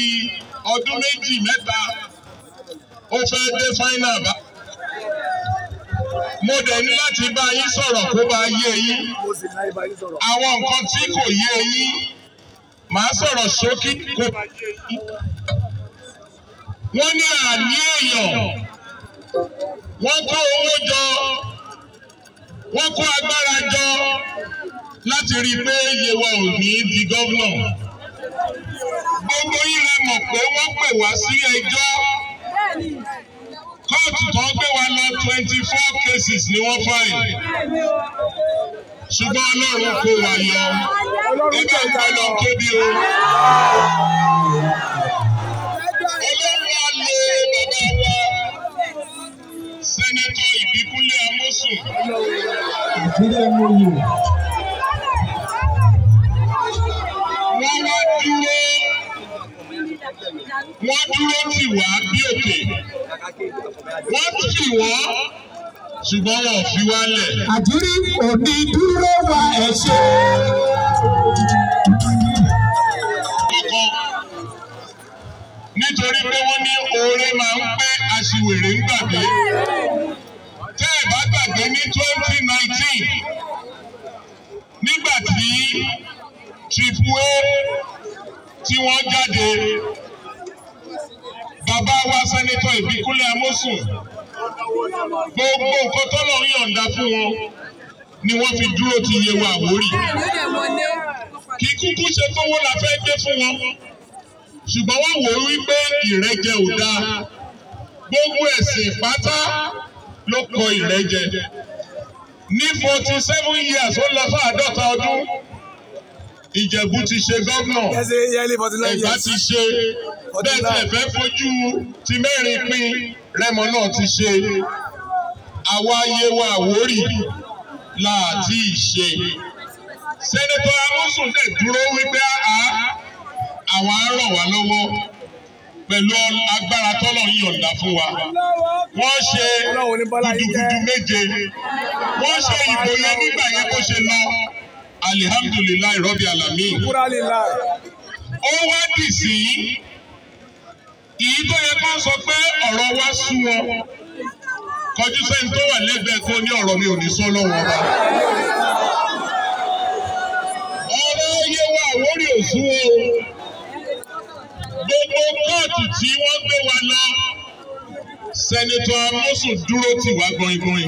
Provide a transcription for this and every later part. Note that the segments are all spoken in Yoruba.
bí ọdún méjì mẹ́ta ó fẹ́ dé fáínà bá. mo dẹ̀ ní láti bá yín sọ̀rọ̀ kó bá yé yín àwọn nǹkan tí kò yé yín màá sọ̀rọ̀ ṣókí kó bá yé yín. wọ́n ní àní èèyàn wọ́n kó owó jọ wọ́n kó agbára jọ láti rí i pé Yewa Òní di gọ́vnọ̀ gbogbo yín la mọ̀ pé wọ́n pè wá sí ẹjọ́ kóòtù tó ń gbé wa lọ twenty four cases ni wọ́n fáyìn ṣùgbọ́n ọlọ́run kò wá yọ ẹgbẹ́ ìpalọ̀ tóbi o. olórí Ìbíkúnlé Amósùn. wọ́n dúró tì wá bí òkè wọ́n tì wọ́n ṣùgbọ́n wọn ò fi wálẹ̀. àdúrí òní dúró wa ẹ̀ ṣe. nítorí pé wọ́n ní oore máa ń pẹ́ aṣiwèrè ń gbàgbé. tẹ́ ẹ̀ bá gbàgbé ní twenty nineteen nígbà tí Chief Wee tí wọ́n jáde bàbá wa sẹ́nitọ́ Ìbíkúnlé Amósùn gbogbo nǹkan tọ́lọ̀ ń yọ̀ǹda fún wọn ni wọ́n fi dúró ti Yewa Àwórì kì í kúkú ṣe fowó la fẹ́ gbé fún wọn ṣùgbọ́n wọ́n wò ó wípé ìrẹ́jẹ ò dáa gbogbo ẹ̀sìn pátá ló kọ ìrẹ́jẹ ní forty seven years ó lọ fún àádọ́ta ọdún Ìjẹ̀bú ti ṣe gómìnà Ẹ̀gbá ti ṣe bí ẹ̀fẹ́ fojú ti mẹ́rin pín rẹ́mọ náà ti ṣe àwa Yewa Àwórì láti ṣe. sẹ́nẹ́tọ̀ amúsùn dẹ̀ dúró wípé àwọn á ràn wá lọ́wọ́ pẹ̀lú agbára tọ́lọ̀ ń yọ̀ǹda fún wa. Wọ́n ṣe gudugudu méje. Wọ́n ṣe ìbò yẹn nígbà yẹn bó ṣe lọ. Alihamdulilayi Rọ́bì Alami. Ó wá dì sí èyí tó yẹ kó sọ pé ọ̀rọ̀ wa sú ọ kọjú sẹ́ni tó wà lẹ́gbẹ̀ẹ́ kó ní ọ̀rọ̀ mi ò ní sọ lọ́wọ́ ọba. ọ̀rọ̀ iye wa Àwórì ò sú o gbogbo kóòtù tí wọ́n gbé wa lọ sẹ́nitọ́ Amosun dúró tì wá gbọ̀ngbọ̀n.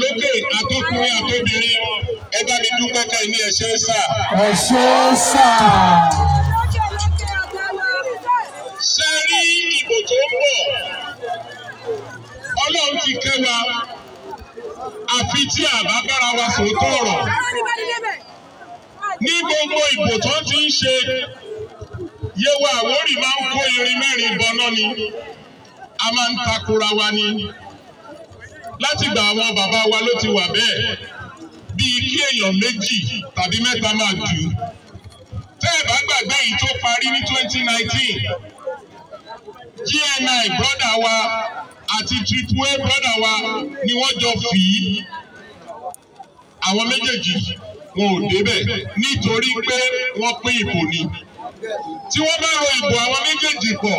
lókè àtọkùnrin àtobìnrin ẹ bá mi dúpẹ́ ká ní ẹ̀ṣẹ́ sà. ẹ̀ṣẹ́ sà. ṣe rí ìbò tó ń bọ̀ ọlọ́run ti kẹ́ wa àfi tí àbá bára wa sòótọ́ ọ̀rọ̀ ní gbogbo ìbò tó ti ń ṣe Yewa Àwórì máa ń kó irin mẹ́rin bọ́ná ni a máa ń takora wa ni láti gba àwọn bàbá wa ló ti wà bẹ́ẹ̀ bíi kí èèyàn méjì tàbí mẹ́ta máa jù ú. tẹ́ ẹ̀ bá gbàgbé yìí tó parí ní 2019 GNI brọ́dà wa àti triple A brọ́dà wa ni wọ́n jọ fì í. àwọn méjèèjì wọn ò débẹ̀ nítorí pé wọ́n pín ìbò ni. tí wọ́n bá ro ìbò àwọn méjèèjì pọ̀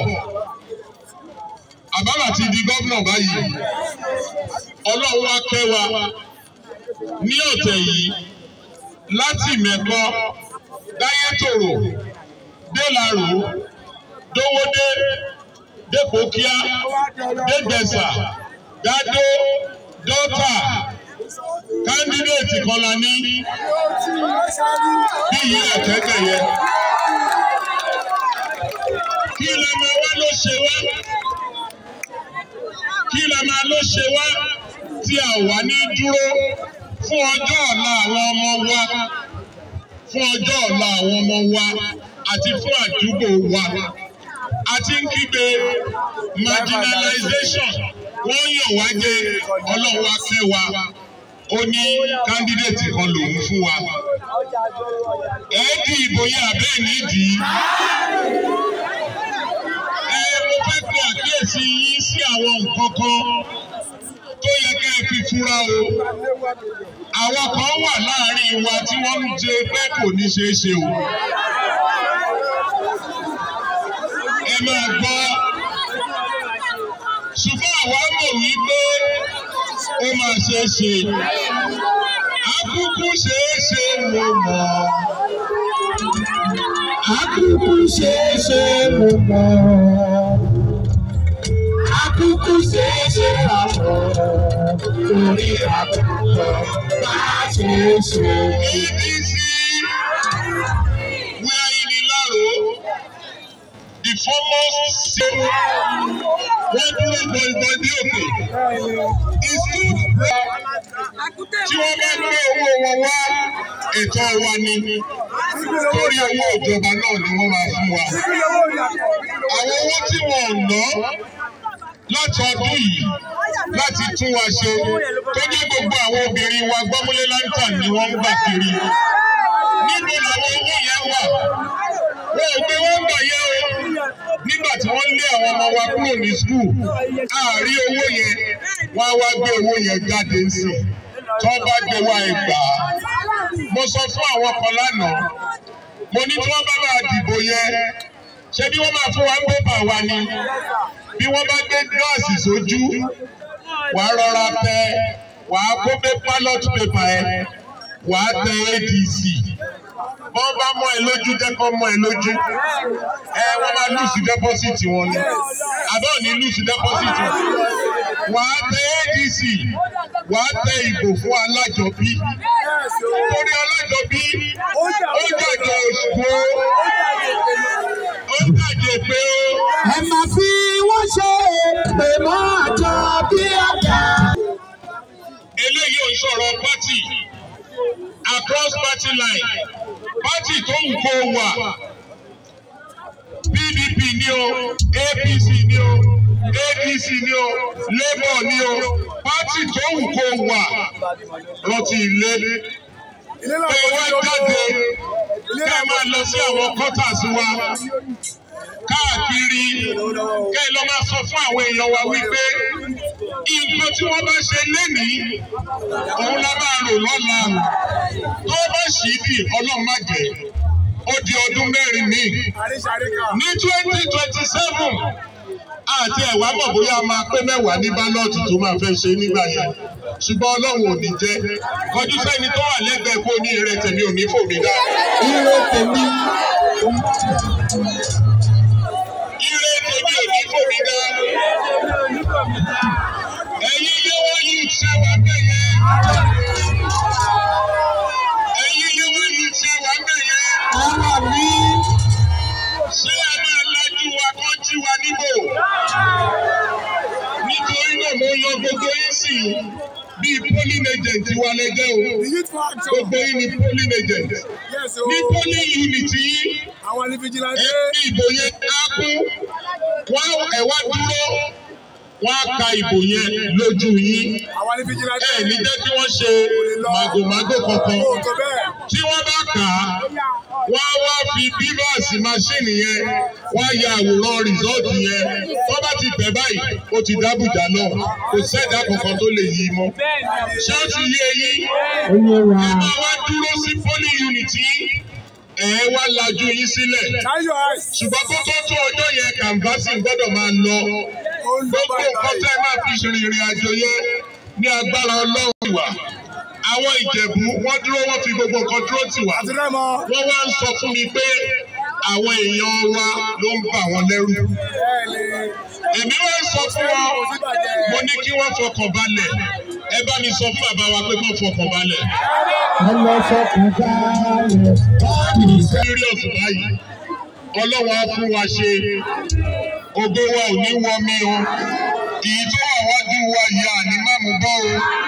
àbábà ti di gómìnà báyìí ọlọ́run wá kẹ́ wa ní ọ̀tẹ̀ yìí láti mẹ́kọ́ dáyẹ́tòrò délàrò dówódé dépòkíá dégbèsà dádó dọ́tà kándídéètì kọlá ní bíyì ẹ̀kẹ́kẹ̀yẹ kí lọ́mọ wa ló ṣe wá ló ṣe wá tí a wà ní dúró fún ọjọ́ ọ̀la àwọn ọmọ wa fún ọjọ́ ọ̀la àwọn ọmọ wa àti fún àdúgbò wa àti ń kígbe marginalization wọ́n yàn wá jẹ ọlọ́wà kẹwa ó ní kándídéètì kan lòun fún wa. ẹ̀ẹ́dì ìbò yẹn àbẹ́ẹ̀ nídìí. ẹ mo fẹ́ pe àkíyèsí yín sí àwọn nǹkan kan kiri fúnra o àwọn kan wà láàrin wa tí wọ́n ń jẹ pé kò ní ṣeé ṣe o ẹ máa gbọ́ ṣùgbọ́n àwa mọ̀ wípé ó máa ṣeé ṣe akúkú ṣeé ṣe mo mọ̀ akúkú ṣeé ṣe mo mọ̀ ṣe àkọ́rọ̀ torí àkọ́rọ̀ bá ṣe ṣe. EDC we are in Ilaro the foremost city wey dúró for ìgbàdí òkè is too proud tí wọ́n bá gbé owó wọn wá ẹ̀tọ́ wa ni torí owó ìjọba náà ni wọ́n máa fún wa àwọn owó tí wọ́n ná láti ọdún yìí láti tún wa ṣe tó ní gbogbo àwọn obìnrin wa gbọ́múlé lantern ni wọ́n ń gbà kiri nínú àwọn owó yẹn wà wọn ò gbé wọn gbà yẹ o nígbà tí wọ́n lé àwọn ọmọ wa kúrò ní skul àárí owó yẹn wọ́n á wá gbé owó yẹn jáde sí i tó bá gbé wa ẹgbà mo sọ fún àwọn kan lánàá mo ní tí wọ́n bá máa dìbò yẹn ṣé bí wọ́n máa fún wa ń bẹ́bà wa ni bí wọ́n bá gbé gíláàsì sójú wàá rọra tẹ wàá kó pé ballot paper ẹ wàá tẹ ADC wọ́n bá mọ́ ẹ lójú jẹ́kọ́ mọ́ ẹ lójú ẹ wọ́n máa lùsì dẹ́pọ́sìtì wọn ni àbẹ́ òní lùsì dẹ́pọ́sìtì wọn wàá tẹ ADC wàá tẹ ìbò fún alájọbí torí alájọbí ó jàjà òṣùwò. party line party tó ń kó wà PDP ni o APC ni o ADC ni o Labour ni o party tó ń kó wà lọ́tí ilé pé wọ́n jáde kẹ́ máa lọ sí àwọn quarters wa káàkiri kẹ́ lọ máa sọ fún àwọn èèyàn wa wípé nǹkan tí wọ́n bá ṣe lénìí òun la máa rò lọ́la tó bá ṣì í dì ọlọ́run má jẹ́ ó di ọdún mẹ́rin míì ní twenty twenty seven àti ẹ̀wà mọ̀ bóyá máa pé mẹ́wàá ní bálọ́ọ̀tì tó máa fẹ́ ṣe nígbà yẹn ṣùgbọ́n ọlọ́run ò ní jẹ́ kọjú sẹ́ni tó wà lẹ́gbẹ̀ẹ́ kó ní ire tèmi ò ní fòmí dá. ire tèmi. polling agent wa lẹ́jẹ́ o gbogbo yín ni polling agent ní polling unit yín ẹ fi ìbò yẹn ká kú ẹ dúró wọ́n á ka ìbò yẹn lójú yín ẹ ní jẹ́ kí wọ́n ṣe màgòmágó kankan tí wọ́n bá kà á wọ́n á wá fi bíbáàsì máṣíìnì yẹn wọ́n á ya àwòrán rìsọ́ọ̀tì yẹn wọ́n bá ti tẹ̀ báyìí ó ti dábùjà náà kò sẹ́ẹ̀dá kankan tó lè yí mọ́ ṣáàtì yé yín ẹ máa wá dúró sí poli unity ẹ wá lajú yín sílẹ̀ ṣùgbọ́n kókó tó ọjọ́ yẹn kàǹfàṣì gbọ́dọ̀ máa lọ gbogbo ní agbára ọlọ́run wà àwọn ìjẹ̀bú wọ́n dúró wọ́n fi gbogbo nǹkan dúró tì wá wọ́n wá ń sọ fún mi pé àwọn èèyàn wa ló ń bà wọ́n lẹ́rù èmi wọ́n sọ fún wọn mo ní kí wọ́n fọkàn balẹ̀ ẹ bá mi sọ fún bàbá wa pé kó fọkàn balẹ̀. ọlọ fọkàn serious báyìí ọlọ́wọ́ á wa ṣe ògo wa ò ní wọmi o èyí tó wà wájú wa yìí àní má bọ́ o.